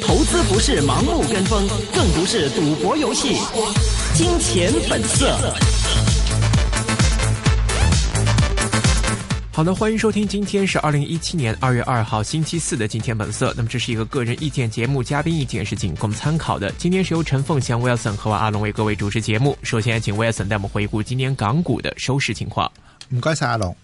投資不是盲目跟風，更不是賭博遊戲。金錢本色。好的，歡迎收聽，今天是二零一七年二月二號星期四的《金錢本色》。那麼這是一個個人意見節目，嘉賓意見是僅供參考的。今天是由陳鳳翔 Wilson 和阿龍為各位主持節目。首先請 Wilson 帶我們回顧今年港股的收市情況。唔該晒阿龍。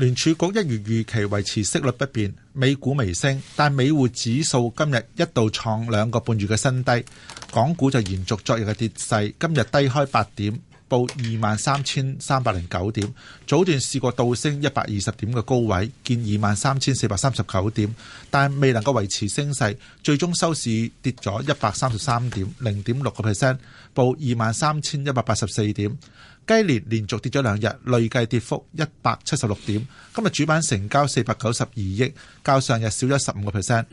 聯儲局一如預期維持息率不變，美股微升，但美匯指數今日一度創兩個半月嘅新低，港股就延續昨日嘅跌勢，今日低開八點，報二萬三千三百零九點，早段試過倒升一百二十點嘅高位，見二萬三千四百三十九點，但未能夠維持升勢，最終收市跌咗一百三十三點，零點六個 percent，報二萬三千一百八十四點。今年連續跌咗兩日，累計跌幅一百七十六點。今日主板成交四百九十二億，較上日少咗十五個 percent。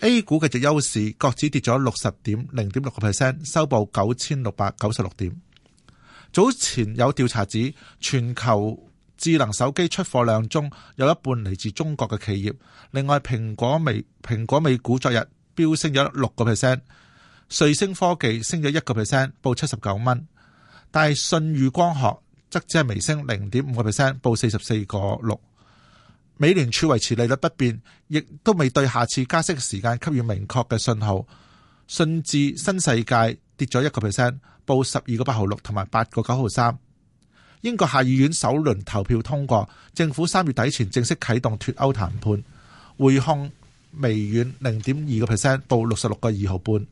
A 股繼續優勢，國指跌咗六十點，零點六個 percent，收報九千六百九十六點。早前有調查指，全球智能手機出貨量中有一半嚟自中國嘅企業。另外，蘋果美蘋果美股昨日飆升咗六個 percent，瑞聲科技升咗一個 percent，報七十九蚊。但係信譽光學則只係微升零點五個 percent，報四十四個六。美聯儲維持利率不變，亦都未對下次加息時間給予明確嘅信號。信置新世界跌咗一個 percent，報十二個八號六同埋八個九號三。英國下議院首輪投票通過，政府三月底前正式啟動脱歐談判。匯控微軟零點二個 percent，報六十六個二號半。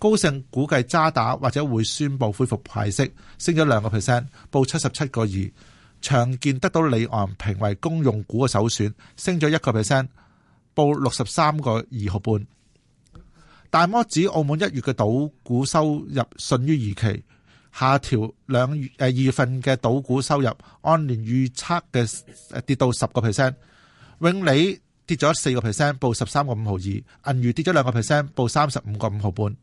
高盛估計渣打或者會宣布恢復派息升了2，升咗兩個 percent，報七十七個二。長建得到里昂評為公用股嘅首選，升咗一個 percent，報六十三個二毫半。大摩指澳門一月嘅賭股收入遜於預期，下調兩月誒二月份嘅賭股收入按年預測嘅跌到十個 percent。永利跌咗四個 percent，報十三個五毫二；銀娛跌咗兩個 percent，報三十五個五毫半。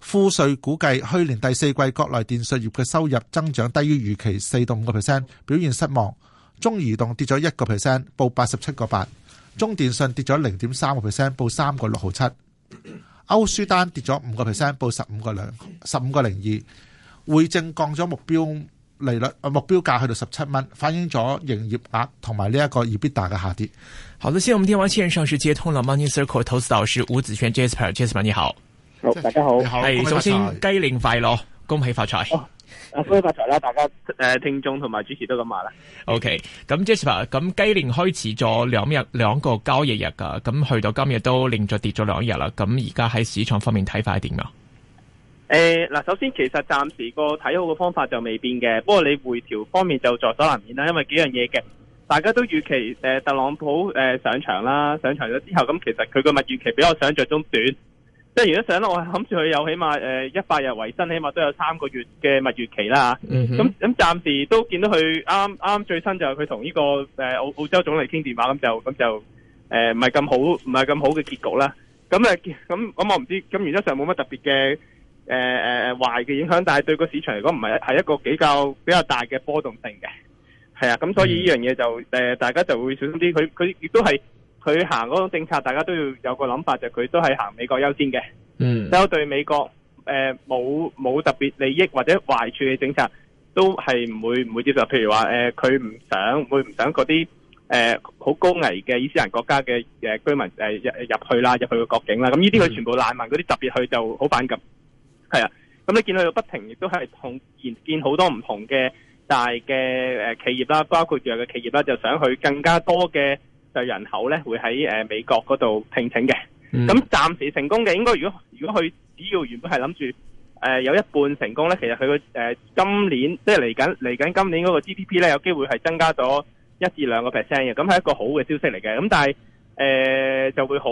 富瑞估計去年第四季國內電訊業嘅收入增長低於預期四到五個 percent，表現失望。中移動跌咗一個 percent，報八十七個八；中電信跌咗零點三個 percent，報三個六毫七。歐舒丹跌咗五個 percent，報十五個兩十五個零二。匯證降咗目標利率，目標價去到十七蚊，反映咗營業額同埋呢一個 EBITDA 嘅下跌。好的，首先我們電話線上係接通咗 Money Circle 投資導師吳子軒 Jasper，Jasper 你好。好，大家好。係首先雞年快樂，恭喜發財。哦，恭喜發財啦！大家誒，聽眾同埋主持都咁話啦。OK，咁 Jasper 咁雞年開始咗兩日，兩個交易日噶，咁去到今日都連續跌咗兩日啦。咁而家喺市場方面睇法係點啊？誒，嗱，首先其實暫時個睇好嘅方法就未變嘅，不過你回調方面就在所難免啦，因為幾樣嘢嘅，大家都預期誒、呃、特朗普誒、呃、上場啦，上場咗之後，咁其實佢個物預期比我想象中短。即係，如果上咧，我係諗住佢有起碼誒一百日維新，起碼都有三個月嘅蜜月期啦吓。咁咁暫時都見到佢啱啱最新就係佢同呢個誒澳、呃、澳洲總理傾電話，咁、嗯、就咁就誒唔係咁好，唔係咁好嘅結局啦。咁、嗯、誒，咁、嗯、咁、嗯、我唔知，咁原則上冇乜特別嘅誒誒壞嘅影響，但係對個市場嚟講，唔係係一個比較比較大嘅波動性嘅，係啊。咁所以呢樣嘢就誒、呃，大家就會小心啲。佢佢亦都係。佢行嗰種政策，大家都要有個諗法，就佢都係行美國優先嘅。嗯，有對美國誒冇冇特別利益或者壞處嘅政策，都係唔會唔會接受。譬如話誒，佢、呃、唔想，會唔想嗰啲誒好高危嘅伊斯蘭國家嘅誒居民入入去啦，入去個國境啦。咁呢啲佢全部難民，嗰啲特別去就好反感。係啊，咁、嗯、你見佢不停亦都係同見見好多唔同嘅大嘅、呃、企業啦，包括藥嘅企業啦，就想去更加多嘅。就人口咧，會喺、呃、美國嗰度聘請嘅。咁、嗯、暫時成功嘅，應該如果如果佢只要原本係諗住誒有一半成功咧，其實佢誒、呃、今年即係嚟緊嚟緊今年嗰個 GDP 咧，有機會係增加咗一至兩個 percent 嘅。咁係一個好嘅消息嚟嘅。咁但係誒、呃、就會好，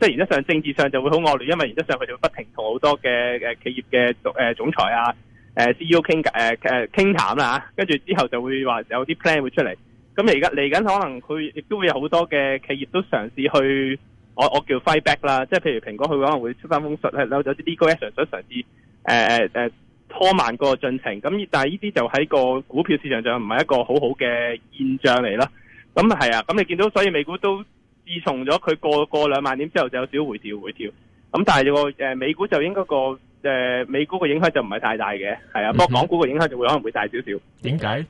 即係原則上政治上就會好惡劣，因為原則上佢哋就會不停同好多嘅、呃、企業嘅總裁啊、誒、呃、CEO 傾偈、誒、呃、誒傾談啦嚇。跟住之後就會話有啲 plan 會出嚟。咁而家嚟緊，可能佢亦都會有好多嘅企業都嘗試去，我我叫 fireback 啦，即係譬如蘋果，佢可能會出翻封信，係有咗啲 legislation 想嘗試誒、呃呃、拖慢個進程。咁但係呢啲就喺個股票市場上唔係一個好好嘅現象嚟啦，咁係啊，咁你見到所以美股都自從咗佢過過兩萬點之後就有少少回調，回調。咁但係個美股就應該個誒、呃、美股個影響就唔係太大嘅，係啊，不過港股個影響就會可能會大少少。點解、嗯哼？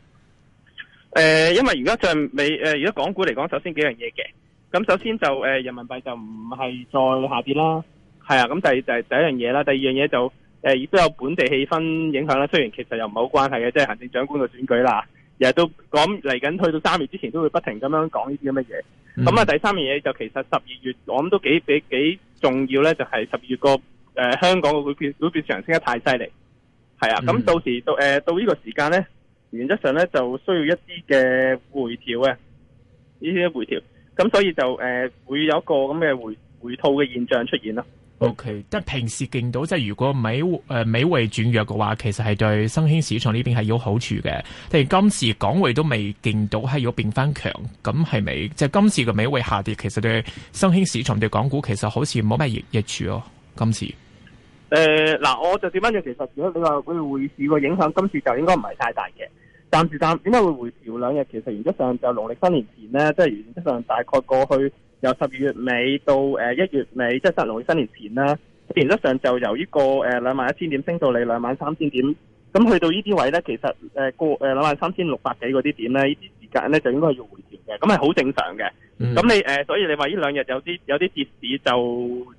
誒、呃，因為而家在，在美誒，如、呃、果港股嚟講，首先幾樣嘢嘅。咁首先就誒、呃，人民幣就唔係再下跌啦。係啊，咁第就係第一樣嘢啦。第二樣嘢就誒，亦、呃、都有本地氣氛影響啦。雖然其實又唔係好關係嘅，即係行政長官嘅選舉啦。日日都講嚟緊，去到三月之前都會不停咁樣講呢啲咁嘅嘢。咁啊、嗯，那第三樣嘢就其實十二月，我諗都幾幾幾重要咧，就係十二月個誒、呃、香港嘅股票股票上升得太犀利。係啊，咁、嗯嗯、到時、呃、到誒到呢個時間咧。原則上咧就需要一啲嘅回調嘅，呢啲回調，咁所以就誒、呃、會有一個咁嘅回回吐嘅現象出現啦。嗯、o、okay, K，但平時見到即係如果美誒、呃、美匯轉弱嘅話，其實係對新興市場呢邊係有好處嘅。但係今次港匯都未見到係有變翻強，咁係咪即係今次嘅美匯下跌，其實對新興市場對港股其實好似冇咩益益處咯？今次誒嗱、呃，我就點樣樣？其實如果你話佢匯市個影響，今次就應該唔係太大嘅。暫時暫，點解會回調兩日？其實原則上就農曆新年前咧，即係原則上大概過去由十二月尾到誒一月尾，即係實農曆新年前啦。原則上就由呢個誒兩萬一千點升到你兩萬三千點，咁去到呢啲位咧，其實誒過誒兩萬三千六百幾嗰啲點咧，呢啲時間咧就應該係要回調嘅，咁係好正常嘅。咁、嗯、你誒，所以你話呢兩日有啲有啲跌市就，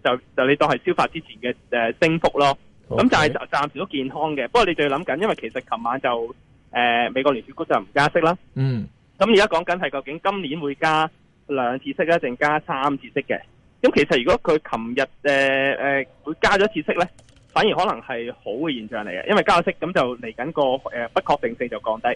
就就就你當係消化之前嘅誒升幅咯。咁 Okay? 但係暫暫時都健康嘅，不過你就要諗緊，因為其實琴晚就。誒、呃、美國聯儲局就唔加息啦，嗯，咁而家講緊係究竟今年會加兩次息咧，定加三次息嘅？咁其實如果佢琴日誒誒會加咗一次息咧，反而可能係好嘅現象嚟嘅，因為加息咁就嚟緊個誒不確定性就降低，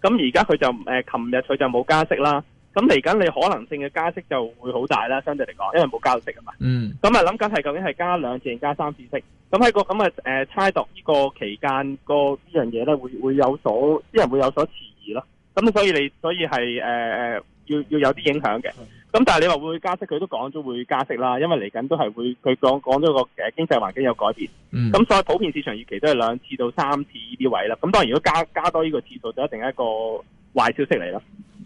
咁而家佢就誒琴日佢就冇加息啦。咁嚟緊你可能性嘅加息就會好大啦，相對嚟講，因為冇加息啊嘛。嗯。咁啊諗緊係究竟係加兩次定加三次息？咁喺個咁嘅誒猜度呢個期間，這個呢樣嘢咧，會會有所啲人會有所遲疑咯。咁所以你所以係誒誒要要有啲影響嘅。咁、嗯、但係你話會加息？佢都講咗會加息啦，因為嚟緊都係會佢講講咗個誒經濟環境有改變。咁、嗯、所以普遍市場預期都係兩次到三次呢啲位啦。咁當然如果加加多呢個次數，就一定係一個壞消息嚟啦。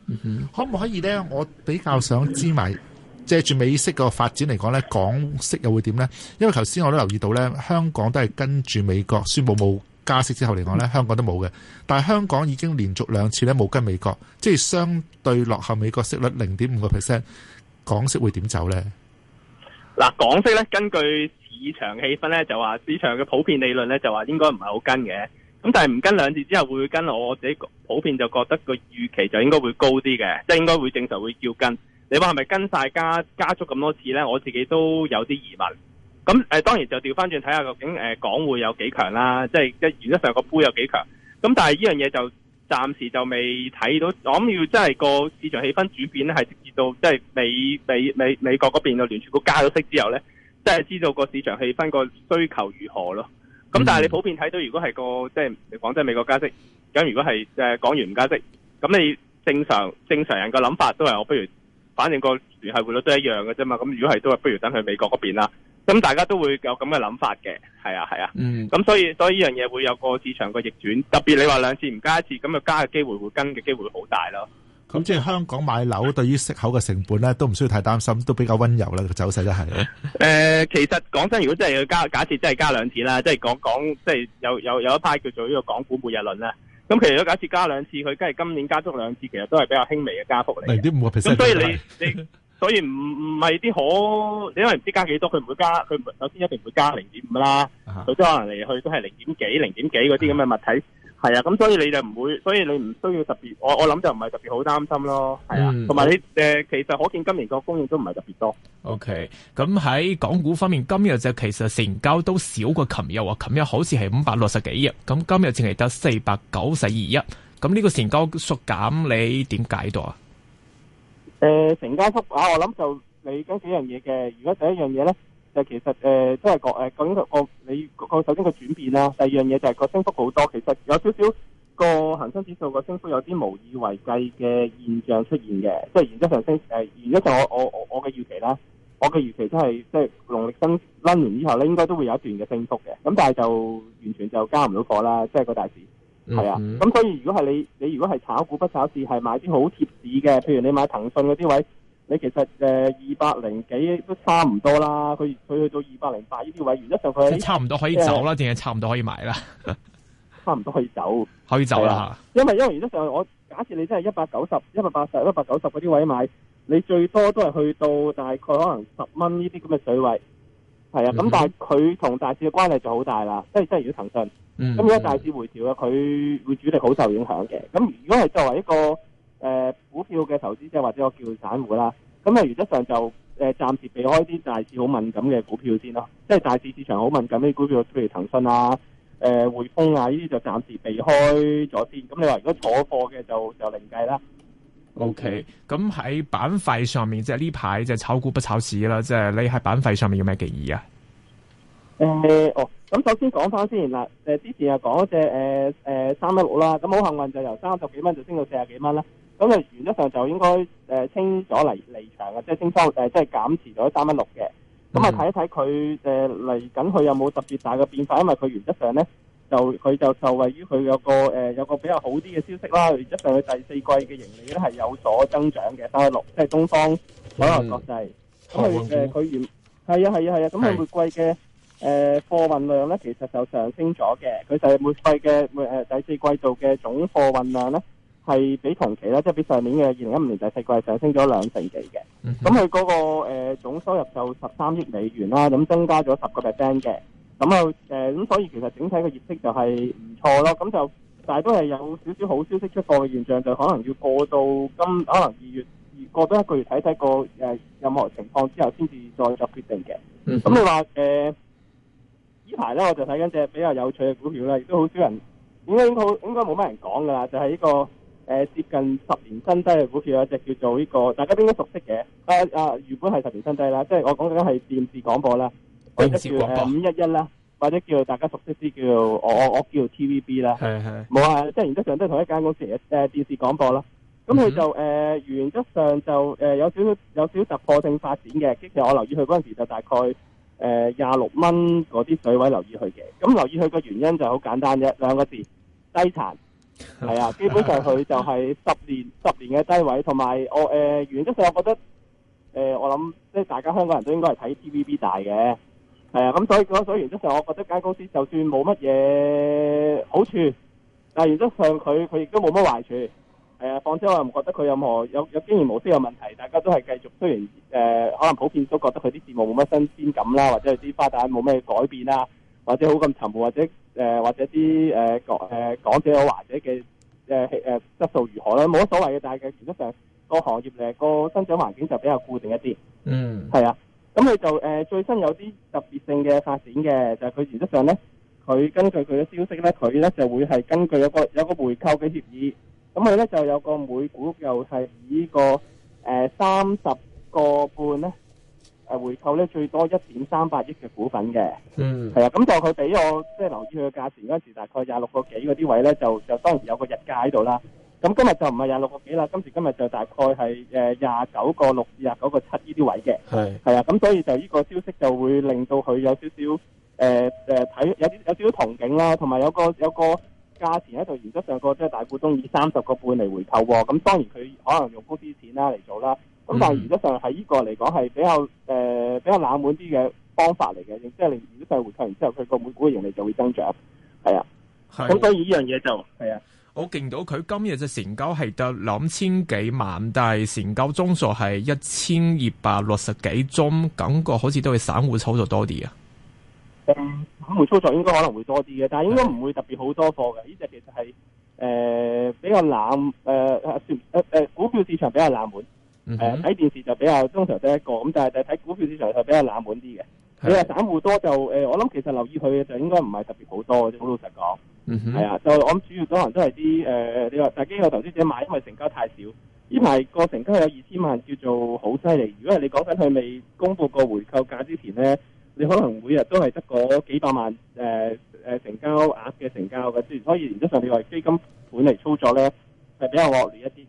Mm hmm. 可唔可以呢？我比較想知埋借住美息個發展嚟講，呢港息又會點呢？因為頭先我都留意到，呢香港都係跟住美國宣布冇加息之後嚟講呢、mm hmm. 香港都冇嘅。但係香港已經連續兩次呢冇跟美國，即係相對落後美國息率零點五個 percent，港息會點走呢？嗱，港息呢根據市場氣氛呢，就話市場嘅普遍理論呢，就話應該唔係好跟嘅。咁但係唔跟兩次之後會跟？我自己普遍就覺得個預期就應該會高啲嘅，即係應該會正常會叫跟。你話係咪跟晒加加速咁多次呢？我自己都有啲疑問。咁、嗯、誒、呃、當然就調翻轉睇下究竟、呃、港匯有幾強啦，即係即係原則上個杯有幾強。咁、嗯、但係呢樣嘢就暫時就未睇到。我諗要真係個市場氣氛轉變呢係直至到即係、就是、美美美美國嗰邊聯儲局加咗息之後呢，即、就、係、是、知道個市場氣氛個需求如何咯。咁、嗯、但係你普遍睇到，如果係個即係講真美國加息，咁如果係誒港元唔加息，咁你正常正常人個諗法都係，我不如反正個聯繫匯率都一樣嘅啫嘛。咁如果係都係，不如等去美國嗰邊啦。咁大家都會有咁嘅諗法嘅，係啊係啊。咁、啊嗯、所以所以呢樣嘢會有個市場個逆轉，特別你話兩次唔加一次，咁嘅加嘅機會會跟嘅機會好大咯。咁即係香港買樓對於息口嘅成本咧，都唔需要太擔心，都比較温柔啦個走勢都係。誒，其實講真，如果真係要加，假設真係加兩次啦，即係講講，即係有有有一派叫做呢個港股末日論啦。咁其實如果假設加兩次，佢梗係今年加足兩次，其實都係比較輕微嘅加幅嚟。零點五個 percent。咁所以你你，所以唔唔係啲好，你因為唔知加幾多，佢唔會加，佢首先一定唔會加零點五啦。佢都可能嚟去都係零點幾、零點幾嗰啲咁嘅物體。係啊，咁所以你就唔會，所以你唔需要特別，我我諗就唔係特別好擔心咯。係啊，同埋、嗯、你誒、呃，其實可見今年個供應都唔係特別多。O K，咁喺港股方面，今日就其實成交都少過琴日，話琴日好似係五百六十幾億，咁今日淨係得四百九十二億。咁呢個成交縮減，你點解到啊？誒，成交縮減，我諗就你跟幾樣嘢嘅。如果第一樣嘢咧？就其實誒，即係講誒，講、就、緊、是、個,個,個你講首先個轉變啦，第二樣嘢就係個升幅好多。其實有少少個恒生指數個升幅有啲無以為繼嘅現象出現嘅，即、就、係、是、原則上升誒、呃，原則上我我我嘅預期啦，我嘅預期都係即係農曆新攆完之後咧，應該都會有一段嘅升幅嘅。咁但係就完全就交唔到貨啦，即係個大市係、mm hmm. 啊。咁所以如果係你你如果係炒股不炒市，係買啲好貼市嘅，譬如你買騰訊嗰啲位。你其實誒，二百零幾都差唔多啦。佢佢去到二百零八呢啲位，原則上就佢差唔多可以走啦，定係、呃、差唔多可以買啦？ 差唔多可以走，可以走啦。因為的因為原則上我，我假設你真係一百九十、一百八十、一百九十嗰啲位買，你最多都係去到大概可能十蚊呢啲咁嘅水位。係啊，咁、mm hmm. 但係佢同大市嘅關係就好大啦。即係即係如果騰訊，咁如果大市回調啊，佢會主力好受影響嘅。咁如果係作為一個，誒，股票嘅投資者或者我叫散戶啦，咁啊原則上就誒暫時避開啲大市好敏感嘅股票先咯，即係大市市場好敏感啲股票，譬如騰訊啊、誒匯豐啊呢啲就暫時避開咗先。咁你話如果坐貨嘅就就另計啦。O K，咁喺板塊上面即係呢排即係炒股不炒市啦，即係你喺板塊上面有咩建議啊？誒、呃，哦，咁首先講翻先啦，誒之前又講隻誒誒三一六啦，咁好幸運就由三十幾蚊就升到四十幾蚊啦。咁啊，原則上就應該誒清咗離離場嘅，即係清收誒，即係減持咗三蚊六嘅。咁啊，睇一睇佢誒嚟緊，佢有冇特別大嘅變化？因為佢原則上咧，就佢就受惠於佢有個誒有個比較好啲嘅消息啦。原則上，佢第四季嘅盈利咧係有所增長嘅。三一六即係東方海外國際，咁佢誒佢原係啊係啊係啊，咁佢每季嘅誒貨運量咧其實就上升咗嘅。佢就係每季嘅誒第四季度嘅總貨運量咧。係比同期啦，即係比上年嘅二零一五年第四季上升咗兩成幾嘅。咁佢嗰個誒總收入就十三億美元啦，咁增加咗十個 percent 嘅。咁啊，誒咁所以其實整體嘅業績就係唔錯咯。咁就但係都係有少少好消息出貨嘅現象，就可能要過到今可能二月過多一個月睇睇個誒任何情況之後，先至再作決定嘅。咁你話誒呢排咧，我就睇緊隻比較有趣嘅股票啦，亦都好少人應該應該應該冇乜人講噶啦，就係呢個。誒、呃，接近十年新低嘅股票有一隻叫做呢、這個，大家應該熟悉嘅。啊啊，原本係十年新低啦，即係我講緊係電視廣播啦，播或者叫五一一啦，或者叫大家熟悉啲，叫我我我叫 T V B 啦是。係係，冇啊，即係原則上都係同一間公司誒、呃，電視廣播啦。咁佢就誒、嗯哼呃，原則上就誒、呃，有少少有少突破性發展嘅。其實我留意佢嗰陣時就大概誒廿六蚊嗰啲水位留意佢嘅。咁留意佢嘅原因就好簡單啫，兩個字低殘。係 啊，基本上佢就係十年 十年嘅低位，同埋我誒、呃，原則上我覺得誒、呃，我諗即係大家香港人都應該係睇 T V B 大嘅，係、呃、啊，咁所以所以原則上，我覺得間公司就算冇乜嘢好處，但係原則上佢佢亦都冇乜壞處，係、呃、啊，況且我又唔覺得佢任何有有經營模式有問題，大家都係繼續，雖然誒、呃、可能普遍都覺得佢啲節目冇乜新鮮感啦，或者係啲花旦冇咩改變啦，或者好咁沉悶或者。誒、呃，或者啲誒講誒講者或者嘅誒誒質素如何咧，冇乜所謂嘅，但係嘅原則上個行業咧，個增長環境就比較固定一啲。嗯，係啊，咁佢就誒、呃、最新有啲特別性嘅發展嘅，就係、是、佢原則上咧，佢根據佢嘅消息咧，佢咧就會係根據一個有個有個回購嘅協議，咁佢咧就有個每股又係以個誒三十個半咧。誒回購咧最多一點三百億嘅股份嘅，嗯，嗯，係啊，咁就佢俾我即係留意佢嘅價錢嗰陣時，大概廿六個幾嗰啲位咧，就就當時有個日價喺度啦。咁今日就唔係廿六個幾啦，今時今日就大概係誒廿九個六至廿九個七呢啲位嘅，係係啊，咁所以就呢個消息就會令到佢有少少誒誒睇有啲有少少憧憬啦，同埋有，有個有個價錢喺度，原則上個即係大股東以三十個半嚟回購喎，咁當然佢可能用高啲錢啦嚟做啦。咁、嗯、但係，實質上喺呢個嚟講係比較誒、呃、比較冷門啲嘅方法嚟嘅。然之後，令啲細回購完之後，佢個每股嘅盈利就會增長。係啊，係的。咁所以呢樣嘢就係啊。我見到佢今日嘅成交係得兩千幾萬，但係成交宗數係一千二百六十幾宗，感覺好似都係散戶操作多啲啊。誒、嗯，散、嗯、戶操作應該可能會多啲嘅，但係應該唔會特別好多貨嘅。呢隻的、嗯嗯、其實係誒、呃、比較冷誒誒誒股票市場比較冷門。誒，睇、嗯、電視就比較通常得一個，咁但係就睇股票市場就比較冷門啲嘅。你話散戶多就誒，我諗其實留意佢嘅就應該唔係特別好多嘅啫，好老實講。係啊、嗯哼，就我諗主要可能都係啲誒，你話大機構投資者買，因為成交太少。呢排個成交有二千萬，叫做好犀利。如果係你講緊佢未公布個回購價之前咧，你可能每日都係得嗰幾百萬誒誒、呃、成交額嘅成交嘅，雖然所以原則上，你話基金盤嚟操作咧，係比較惡劣一啲。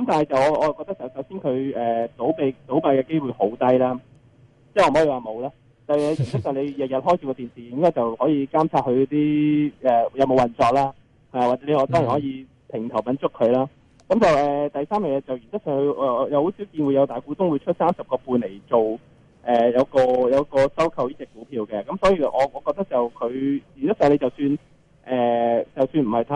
咁但係就我我覺得就首先佢誒、呃、倒閉倒閉嘅機會好低啦，即我唔可以話冇啦。就原則上你日日開住個電視，應該就可以監察佢啲誒有冇運作啦，係、啊、或者你我當然可以評頭品足佢啦。咁就誒、呃、第三樣嘢就，原則上誒又好少見會有大股東會出三十個半嚟做誒、呃、有個有個收購呢隻股票嘅。咁所以我我覺得就佢原則上你就算誒、呃、就算唔係太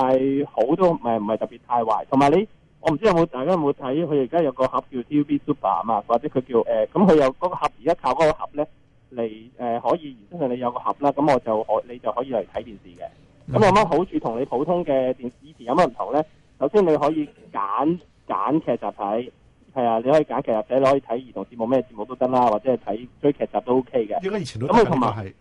好都唔係唔係特別太壞，同埋你。我唔知有冇大家有冇睇，佢而家有個盒叫 TV Super 啊嘛，或者佢叫誒，咁、呃、佢有嗰個盒，而家靠嗰個盒咧嚟誒，可以，意思係你有個盒啦，咁我就可，你就可以嚟睇電視嘅。咁有乜好處同你普通嘅電視以前有乜唔同咧？首先你可以揀揀劇集睇，係啊，你可以揀劇集睇，你可以睇兒童節目，咩節目都得啦，或者係睇追劇集都 OK 嘅。以前都咁，佢同埋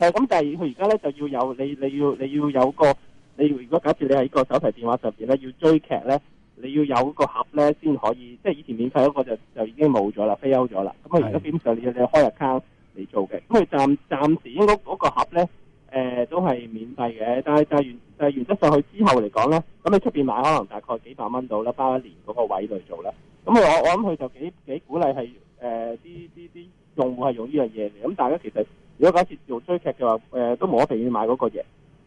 誒，咁但係佢而家咧就要有你，你要你要，你要有個你。如果假設你喺個手提電話上面咧，要追劇咧。你要有個盒咧，先可以即係以前免費嗰個就就已經冇咗啦，phase out 咗啦。咁啊，而家變相要你開 account 嚟做嘅。咁佢暫暫時應該嗰個盒咧，誒、呃、都係免費嘅。但係但係原但原則上去之後嚟講咧，咁你出邊買可能大概幾百蚊到啦，包一年嗰個位度做啦。咁我我諗佢就幾幾鼓勵係誒啲啲啲用戶係用呢樣嘢嚟。咁大家其實如果假設做追劇嘅話，誒、呃、都無可避免買嗰個嘢。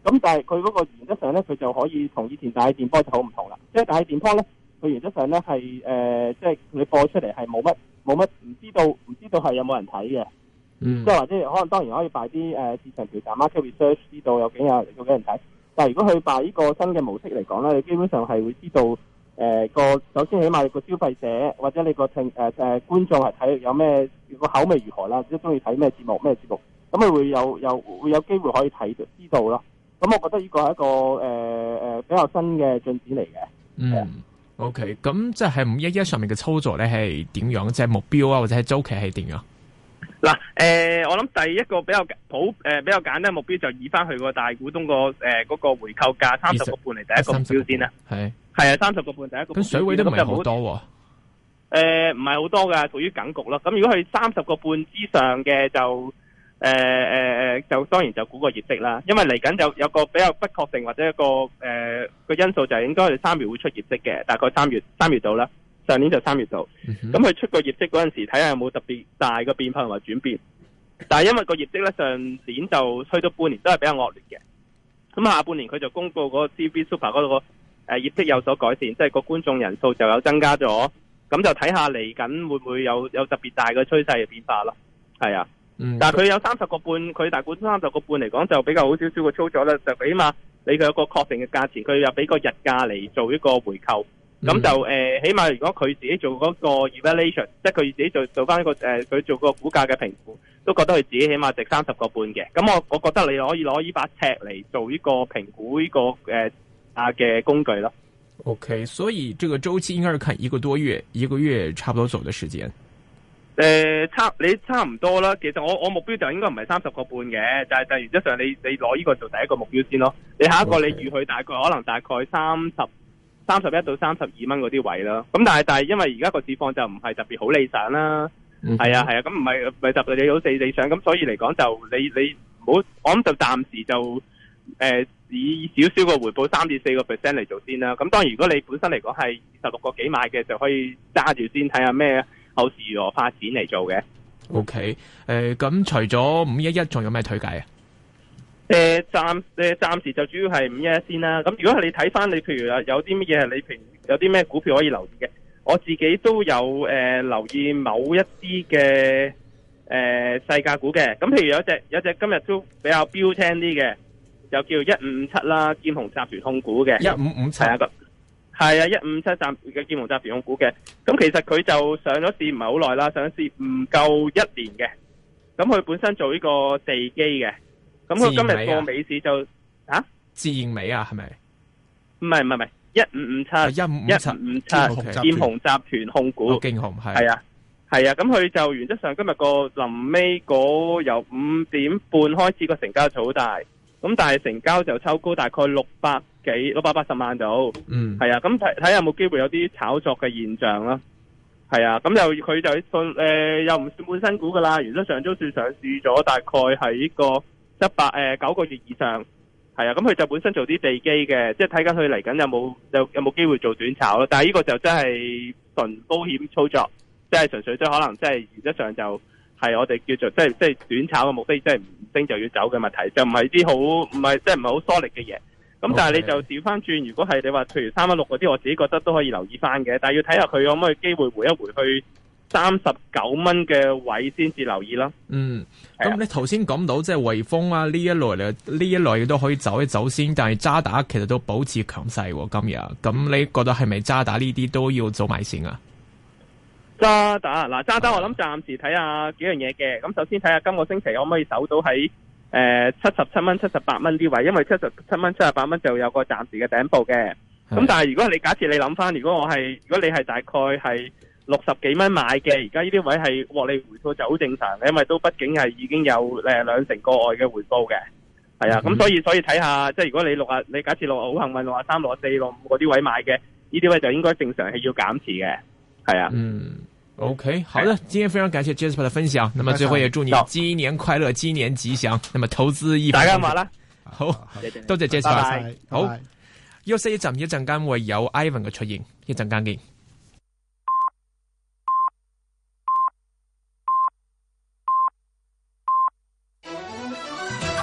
咁但係佢嗰個原則上咧，佢就可以同以前大氣電波就好唔同啦。即係大氣電波咧，佢原則上咧係誒，即係你播出嚟係冇乜冇乜，唔知道唔知道係有冇人睇嘅。嗯，即係或者可能當然可以擺啲誒市場調查 market research 知道有幾人有幾人睇。但係如果佢擺呢個新嘅模式嚟講咧，你基本上係會知道誒個、呃、首先起碼個消費者或者你個聽誒誒、呃呃、觀眾係睇有咩個口味如何啦，即係中意睇咩節目咩節目，咁佢會有有會有機會可以睇知道咯。咁我覺得呢個係一個誒誒、呃、比較新嘅進展嚟嘅。嗯，係嘅，OK，咁即係五一一上面嘅操作咧係點樣？即係目標啊，或者係周期係點樣？嗱，誒，我諗第一個比較普誒、呃、比較簡單嘅目標就以翻佢個大股東個誒嗰個回購價三十個半嚟第一個目標先啦。係係啊，三十個半，第一個目標。咁水位都唔係好多喎。誒，唔係好多㗎，屬於緊局啦。咁如果去三十個半之上嘅就。誒誒誒，就當然就估個業績啦，因為嚟緊就有，有個比較不確定或者一個誒、呃、個因素，就係應該係三月會出業績嘅，大概三月三月度啦。上年就三月度，咁佢、嗯、哼出個業績嗰陣時，睇下有冇特別大嘅變化同埋轉變。但係因為個業績咧，上年就推咗半年，都係比較惡劣嘅。咁下半年佢就公布嗰個 myTV SUPER 嗰、那個誒、呃、業績有所改善，即、就、係、是、個觀眾人數就有增加咗。咁就睇下嚟緊會唔會有有特別大嘅趨勢嘅變化咯。係啊。嗯，但係佢有三十個半，佢大股三十個半嚟講就比較好少少嘅操作啦。就起碼你佢有個確定嘅價錢，佢又俾個日價嚟做一個回購，咁就誒起碼如果佢自己做嗰個 evaluation，即係佢自己做做翻一個誒，佢做個股價嘅評估，都覺得佢自己起碼值三十個半嘅。咁我我覺得你可以攞呢把尺嚟做呢個評估呢個誒啊嘅工具咯。OK，所以呢個周期應該係看一個多月，一個月差不多走嘅時間。誒、呃，差你差唔多啦。其實我我目標就應該唔係三十個半嘅，但係但係原則上你你攞呢個做第一個目標先咯。你下一個你預佢大概 Okay. 可能大概三十三十一到三十二蚊嗰啲位啦。咁但係但係因為而家個市況就唔係特別好理想啦。係啊係啊，咁唔係唔係特別你好似理想咁，所以嚟講就你你唔好我諗就暫時就誒以少少個回報三至四個 percent 嚟做先啦。咁當然如果你本身嚟講係二十六個幾買嘅，就可以揸住先睇下咩後市如何發展嚟做嘅？O K，誒，咁、okay, 呃、除咗五一一，仲有咩推介啊？誒暫誒暫時就主要係五一一先啦。咁如果係你睇翻，你譬如啊有啲乜嘢係你平有啲咩股票可以留意嘅？我自己都有誒、呃、留意某一啲嘅誒世界股嘅。咁譬如有隻有隻今日都比較標青啲嘅，又叫一五五七啦，建鴻集團控股嘅一五五七。15 57? 係啊，一五七站嘅建鴻集團控股嘅，咁其實佢就上咗市唔係好耐啦，上咗市唔夠一年嘅，咁佢本身做呢個地基嘅，咁佢今日過尾市就自美啊，字尾啊，係咪、啊？唔係唔係唔係，7, 7, 一五五七，一五五七，建鴻集團控股，建鴻，係，係啊，係啊，咁佢就原則上今日個臨尾嗰由五點半開始個成交就好大。咁但係成交就抽高大概六百幾六百八十萬度，嗯，係啊，咁睇睇有冇機會有啲炒作嘅現象啦？係啊，咁就佢就信，誒、呃、又唔算本身股噶啦，原則上都算上市咗，大概喺個七八誒、呃、九個月以上，係啊，咁、嗯、佢就本身做啲地基嘅，即係睇緊佢嚟緊有冇有有冇機會做短炒咯，但係呢個就真係純保險操作，即係純粹即係可能即係原則上就係我哋叫做即係即係短炒嘅目的、就是，即係唔，升就要走嘅問題，就唔係啲好唔係即係唔係好 solid 嘅嘢。咁、就是、Okay. 但係你就調翻轉，如果係你話，譬如三一六嗰啲，我自己覺得都可以留意翻嘅，但係要睇下佢有冇機會回一回去三十九蚊嘅位先至留意啦。嗯，咁你頭先講到即係匯豐啊呢一類咧，呢一類都可以走一走先，但係渣打其實都保持強勢喎，今日。咁你覺得係咪渣打呢啲都要做埋線啊？渣打，嗱渣打，我諗暫時睇下幾樣嘢嘅。咁首先睇下今個星期可唔可以守到喺誒七十七蚊，七十八蚊啲位，因為七十七蚊，七十八蚊就有個暫時嘅頂部嘅。咁的但係如果你假設你諗翻，如果我係如果你係大概係六十幾蚊買嘅，而家呢啲位係獲利回吐就好正常，因為都畢竟係已經有誒兩成個外嘅回報嘅。係啊，咁的所以所以睇下，即係如果你六十，你假設六十好幸運，六十三、六十四、六十五嗰啲位買嘅，呢啲位就應該正常係要減持嘅。係啊， 嗯，OK， 好的，今天非常感謝 Jasper 的分享， 那麼最後也祝你雞年快樂，雞 年吉祥， 那麼投資一百萬，就是，啦，好， 對對對多謝 Jasper，bye 好，休息 一陣，一陣間會有 Ivan 嘅出現，一陣間見。